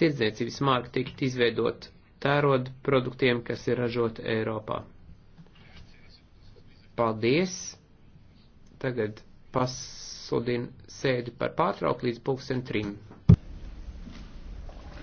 tirdzniecības marka tikt izveidot tērod produktiem, kas ir ražot Eiropā. Paldies! Tagad pasludinu sēdi par pārtrauku līdz pulksten trim.